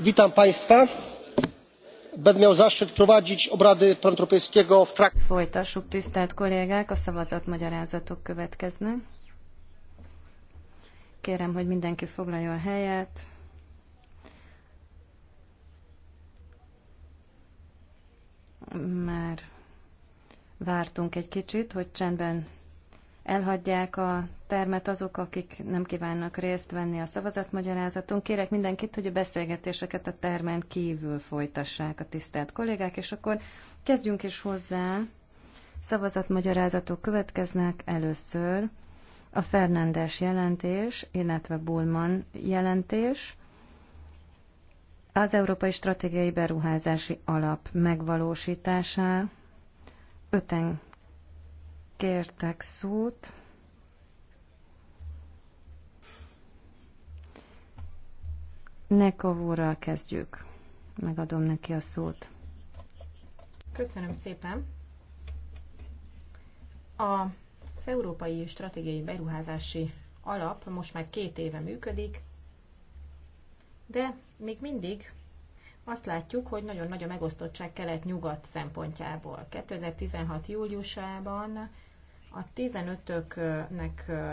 witam państwa. będę miał zaszczyt prowadzić obrady parlamentu europejskiego w trakcie. folytassuk tisztelt kollégák a szavazatmagyarázatok következnek. kérem hogy mindenki foglaljon helyet. már vártunk egy kicsit hogy csendben elhagyják a termet azok, akik nem kívánnak részt venni a szavazatmagyarázaton. Kérek mindenkit, hogy a beszélgetéseket a termen kívül folytassák a tisztelt kollégák, és akkor kezdjünk is hozzá. Szavazatmagyarázatok következnek először a Fernandes jelentés, illetve Bulman jelentés, az Európai Stratégiai Beruházási Alap megvalósítása. Öten kértek szót. Nekov kezdjük. Megadom neki a szót. Köszönöm szépen. A, az Európai Stratégiai Beruházási Alap most már két éve működik, de még mindig azt látjuk, hogy nagyon nagy a megosztottság kelet-nyugat szempontjából. 2016. júliusában a 15-öknek